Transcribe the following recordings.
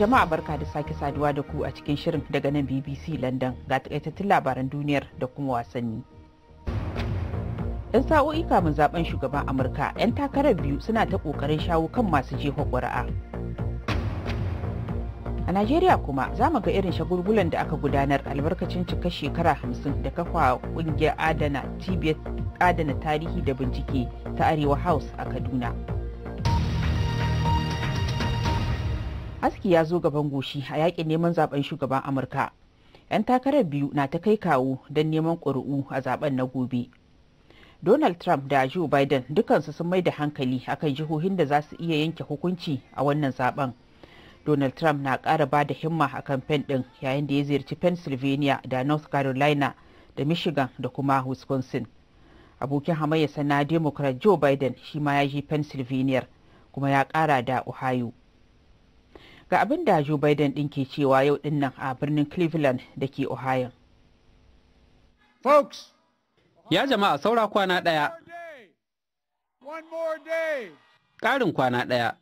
jama'a barka da sake saduwa da ku a cikin shirin daga nan BBC London ga takaitattun labaran duniyar da kuma wasanni. Yan sa'o'i kamun zaben shugaban Amurka 'yan takarar biyu suna ta kokarin shawo kan masu jefa ƙuri'a. A Najeriya kuma za mu ga irin shagulgulan da aka gudanar albarkacin cika shekara hamsin da kafa ƙungiyar adana cibiyar adana tarihi da bincike ta Arewa House a Kaduna. aski ya zo gaban goshi a yakin neman zaben shugaban amurka 'yan takarar biyu na ta kai kawo don neman ƙuri'u a zaben na gobe donald trump da joe biden dukansu sun mai da hankali akan jihohin da za su iya yanke hukunci a wannan zaben donald trump na ƙara ba da himma a kamfen ɗin yayin da ya ziyarci pennsylvania da north carolina da michigan da kuma wisconsin abokin hamayya sana democrat joe biden shi ma ya je pennsylvania kuma ya ƙara da ohio ga abin da Joe Biden ɗin ke cewa yau dinnan a birnin Cleveland da ke Ohio. Folks, ya jama'a saura kwana ɗaya. Ƙarin kwana ɗaya.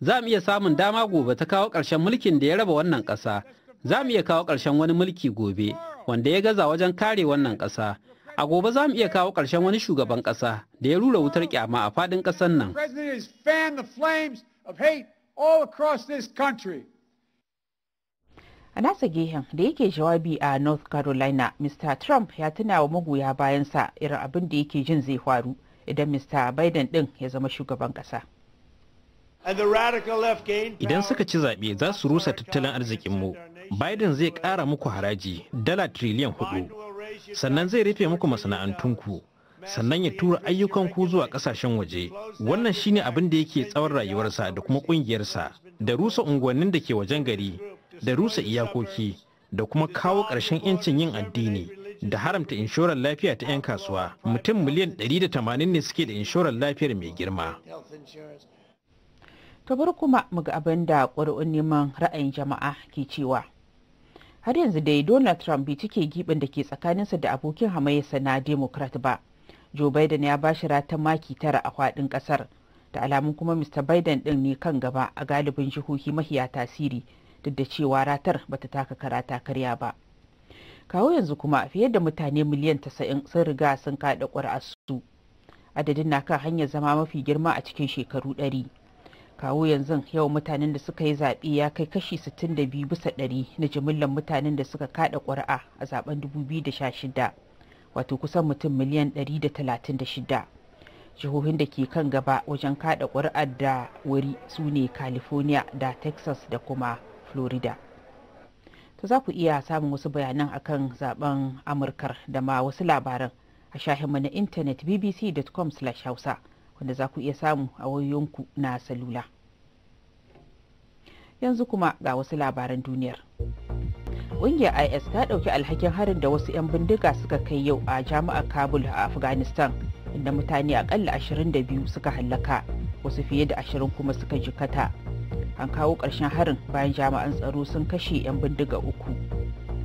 Za mu iya samun dama gobe ta kawo ƙarshen mulkin da ya raba wannan ƙasa. Za mu iya kawo ƙarshen wani mulki gobe, wanda ya gaza wajen kare wannan ƙasa. A gobe za mu iya kawo ƙarshen wani shugaban ƙasa da ya rura wutar kyama a faɗin ƙasar nan. all across this country. A nasa gehen da yake jawabi a North Carolina, Mr. Trump ya tuna wa magoya bayansa irin abin da yake jin zai faru idan Mr. Biden ɗin ya zama shugaban ƙasa. Idan suka ci zaɓe za su rusa tattalin arzikinmu. Biden zai ƙara muku haraji dala triliyan hudu, sannan zai rufe muku masana'antunku. sannan ya tura ayyukan ku zuwa kasashen waje wannan shine abin da yake tsawon rayuwarsa da kuma kungiyarsa da rusa unguwannin da ke wajen gari da rusa iyakoki da kuma kawo ƙarshen 'yancin yin addini da haramta inshorar lafiya ta 'yan kasuwa mutum miliyan 180 ne suke da inshorar lafiyar mai girma ta bar kuma ga abin da ƙuri'un neman ra'ayin jama'a ke cewa har yanzu dai donald trump bai cike giɓin da ke tsakaninsa da abokin hamayyarsa na democrat ba joe biden ya bashi ratan maki tara a kwaɗin ƙasar da alamun kuma mr biden ɗin ne kan gaba a galibin jihohi mahiya tasiri duk da cewa ratar bata taka karata karya ba kawo yanzu kuma fiye da mutane miliyan tasa'in, sun riga sun kaɗa ƙwararsu adadin na kan hanyar zama mafi girma a cikin shekaru ɗari. kawo yanzu yau mutanen da suka yi zaɓe ya kai kashi 62 bisa ɗari na jimillar mutanen da suka kaɗa ƙuri'a a zaben 2016 wato kusan mutum miliyan 136 jihohin da ke kan gaba wajen kada ƙuri'ar da wuri su ne california da texas da kuma florida ta za ku iya samun wasu bayanan akan zaben amurkar da ma wasu labaran a shahinmu na intanet bbc.com hausa wanda za ku iya samu a wayoyinku na salula yanzu kuma ga wasu labaran duniyar. kungiyar is ta dauki alhakin harin da wasu 'yan bindiga suka kai yau a jami'ar kabul a afghanistan inda mutane akalla 22 suka hallaka wasu fiye da 20 kuma suka jikata an kawo ƙarshen harin bayan jami'an tsaro sun kashe 'yan bindiga uku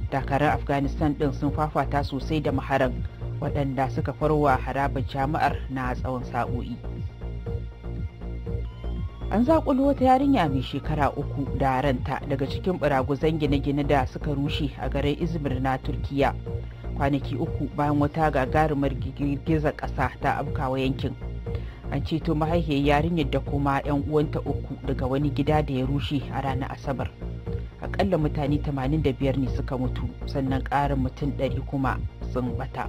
Dakarar afghanistan din sun fafata sosai da maharan waɗanda suka farwa harabar jami'ar na tsawon sa'o'i. an zakulo wata yarinya mai shekara uku da ranta daga cikin buraguzan gine-gine da suka rushe a garin izmir na turkiya kwanaki uku bayan wata gagarumar girgiza ƙasa ta afkawa yankin an ceto mahaifiyar yarinyar da kuma 'yan uwanta uku daga wani gida da ya rushe a ranar asabar akalla mutane 85 ne suka mutu sannan ƙarin mutum 100 kuma sun bata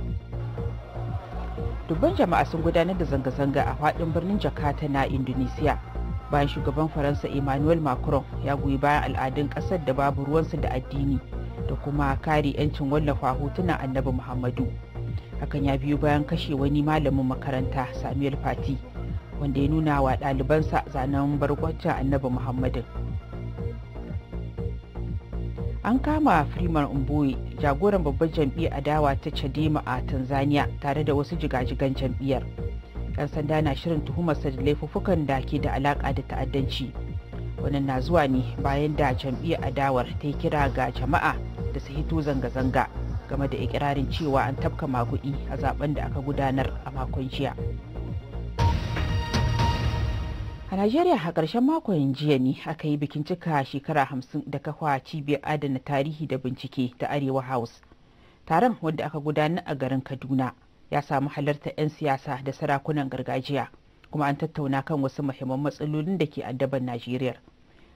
dubban jama'a sun gudanar da zanga-zanga a faɗin birnin jakarta na indonesiya bayan shugaban faransa emmanuel macron ya goyi bayan al'adun kasar da babu ruwansa da addini da kuma kare 'yancin wallafa hotunan annabi muhammadu hakan ya biyo bayan kashe wani malamin makaranta samuel fati wanda ya nuna wa ɗalibansa zanen barkwacin annabi muhammadu. an kama freeman umboe jagoran babbar jam'iyyar adawa ta chadema a tanzania tare da wasu jigajigan jam'iyyar 'yan sanda na shirin tuhumarsa da laifuffukan da ke da alaƙa da ta'addanci wannan na zuwa ne bayan da jam'iyyar adawar ta yi kira ga jama'a da su hito zanga-zanga game da ikirarin cewa an tafka maguɗi a zaben da aka gudanar a makon jiya a najeriya a ƙarshen makon jiya ne aka yi bikin cika shekara hamsin da kafa cibiyar adana tarihi da bincike ta arewa house taron wanda aka gudanar a garin kaduna ya samu halartar 'yan siyasa da sarakunan gargajiya kuma an tattauna kan wasu muhimman matsalolin da ke addaban najeriya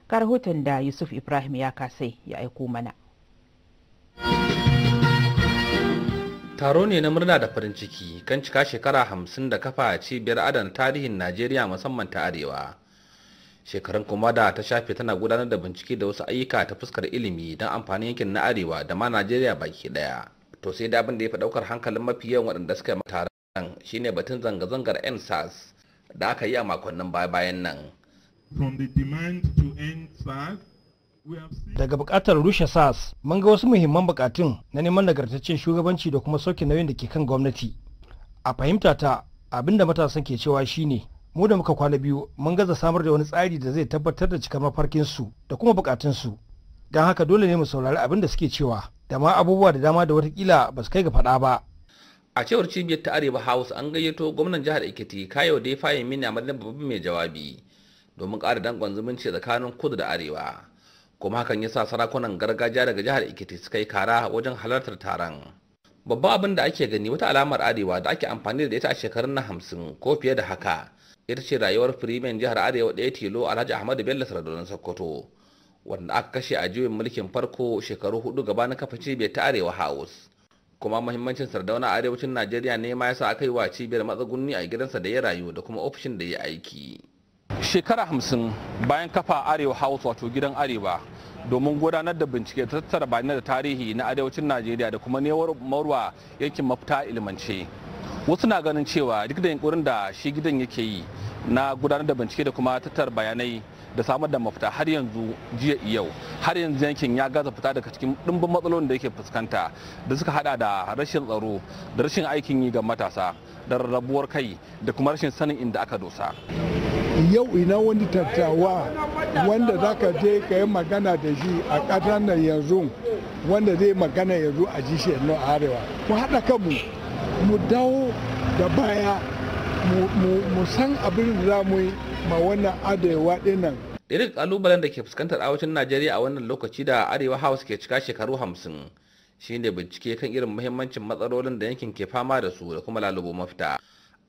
ga rahoton da yusuf ibrahim ya kasai ya aiko mana taro ne na murna da farin ciki kan cika shekara hamsin da kafa a cibiyar adana tarihin najeriya musamman ta arewa shekarun kuma da ta shafe tana gudanar da bincike da wasu ayyuka ta fuskar ilimi don amfanin yankin na arewa da ma najeriya baki daya to sai da abin da ya fi daukar hankalin mafi yawan waɗanda suka yi taron shine batun zanga-zangar 'yan nsas da aka yi a makonnin bayan nan daga bukatar rushe sas mun ga wasu muhimman bukatun na neman nagartaccen shugabanci da kuma sauke nauyin da ke kan gwamnati a fahimta ta da matasan ke cewa shine mu da muka kwana biyu mun gaza samar da wani tsari da zai tabbatar da cikar mafarkinsu da kuma bukatunsu don haka dole ne mu saurari abin da suke cewa da ma abubuwa da dama da watakila ba su kai ga faɗa ba. a cewar cibiyar ta arewa house an gayyato gwamnan jihar ekiti kayo da ya faye mini a madadin babban mai jawabi domin ƙara dangon zumunci tsakanin kudu da arewa kuma hakan ya sa sarakunan gargajiya daga jihar ekiti suka yi kara wajen halartar taron babban abin da ake gani wata alamar arewa da ake amfani da ita a shekarun na hamsin ko fiye da haka ita ce rayuwar firimen jihar arewa ɗaya tilo alhaji ahmadu bello sardauna sokoto wanda aka kashe a juyin mulkin farko shekaru hudu gabanin kafa cibiyar ta arewa house kuma mahimmancin sardauna a arewacin najeriya ne ma yasa aka yi wa cibiyar matsagunni a gidansa da ya rayu da kuma ofishin da ya aiki shekara hamsin bayan kafa arewa house wato gidan arewa domin gudanar da bincike ta tattara bayanai da tarihi na arewacin najeriya da kuma newar marwa yankin mafita ilimance wasu na ganin cewa duk da yankurin da shi gidan yake yi na gudanar da bincike da kuma tattara bayanai da samar da mafita har yanzu jiya yau har yanzu yankin ya gaza fita daga cikin dimbin matsalolin da yake fuskanta da suka hada da rashin tsaro da rashin aikin yi ga matasa da rarrabuwar kai da kuma rashin sanin inda aka dosa yau ina wani tattawa wanda za ka je ka yi magana da shi a ƙasar yanzu wanda zai magana yanzu a ji shi a arewa mu haɗa kanmu mu dawo da baya mu san abin da za mu yi ma wannan arewa dinnan irin kalubalen da ke fuskantar arewacin najeriya a wannan lokaci da arewa house ke cika shekaru hamsin shine bincike kan irin muhimmancin matsalolin da yankin ke fama da su da kuma lalubo mafita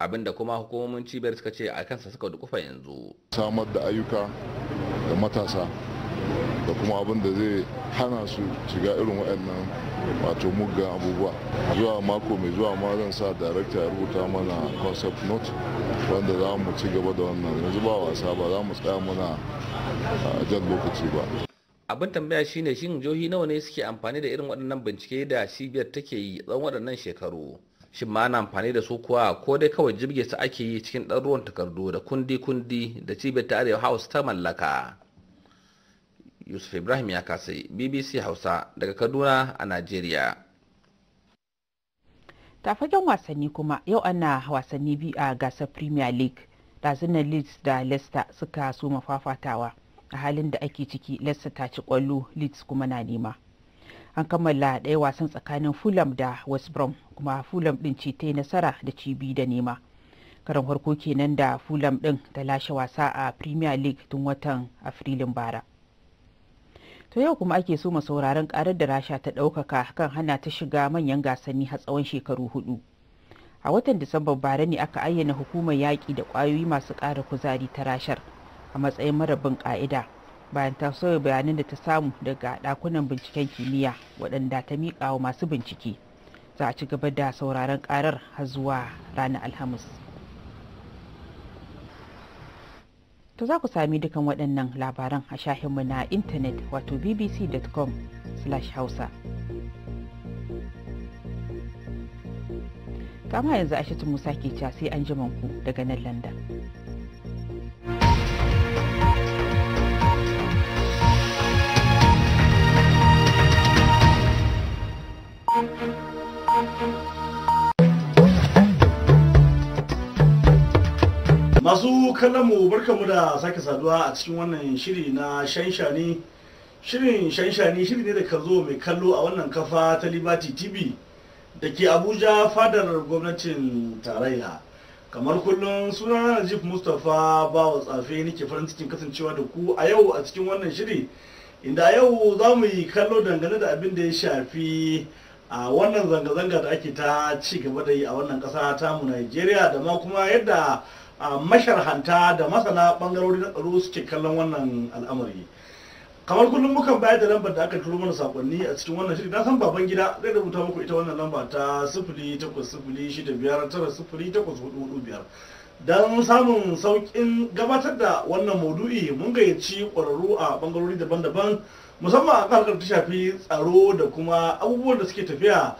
abinda kuma hukumomin cibiyar suka ce a kansa suka dukufa yanzu samar da ayyuka ga matasa da kuma abin da zai hana su shiga irin waɗannan wato muggan abubuwa zuwa mako mai zuwa ma zan sa darakta ya rubuta mana concept note wanda za mu ci gaba da wannan yanzu ba wasa ba za mu tsaya muna jan lokaci ba abin tambaya shine shin jihohi nawa ne suke amfani da irin waɗannan bincike da cibiyar take yi tsawon waɗannan shekaru shin ma ana amfani da su kuwa ko dai kawai jirgin su ake yi cikin ɗan ruwan takardu da kundi-kundi da cibiyar ta arewa house ta mallaka yusuf ibrahim ya kasai bbc hausa daga kaduna a najeriya tafagen wasanni kuma yau ana wasanni biyu a gasar premier league dazunan leeds da leicester suka soma fafatawa a halin da ake ciki leicester ta ci kwallo leeds kuma na nema an kammala ɗaya wasan tsakanin fulham da west brom kuma fulham ɗin ce ta yi nasara da cibi da nema karan farko kenan da fulham ɗin ta lashe wasa a premier league tun watan afrilun bara to yau kuma ake so sauraron karar da rasha ta ɗaukaka kan hana ta shiga manyan gasanni har tsawon shekaru hudu a watan disambar bara ne aka ayyana hukumar yaƙi da ƙwayoyi masu ƙara kuzari ta rashar a matsayin marabin ƙa'ida bayan ta sauya bayanan da ta samu daga ɗakunan binciken kimiyya waɗanda ta miƙa wa masu bincike za a ci gaba da sauraron ƙarar har zuwa ranar alhamis to za ku sami dukan waɗannan labaran a shahinmu na intanet wato bbc.com hausa kama yanzu ashatu musa ke ca sai an ku daga nan landan masu kallon mu barkamu da sake saduwa a cikin wannan shiri na shanshani shirin shanshani shiri ne da ka zo mai kallo a wannan kafa ta liberty tv da ke abuja fadar gwamnatin tarayya kamar kullum suna najib mustapha bawa tsafe nake farin cikin kasancewa da ku a yau a cikin wannan shiri inda a yau za mu yi kallo dangane da abin da ya shafi a wannan zanga-zanga da ake ta ci gaba da yi a wannan kasa tamu Najeriya da ma kuma yadda A masharhanta da masana bangarori na tsaro suke kallon wannan al'amari kamar kullum mukan bayar da lambar da aka turo mana sakonni a cikin wannan shiri na san baban gida zai rubuta muku ita wannan lamba ta biyar. don samun saukin gabatar da wannan maudu'i mun gayyaci ƙwararru a bangarori daban-daban musamman a harkar ta shafi tsaro da kuma abubuwan da suke tafiya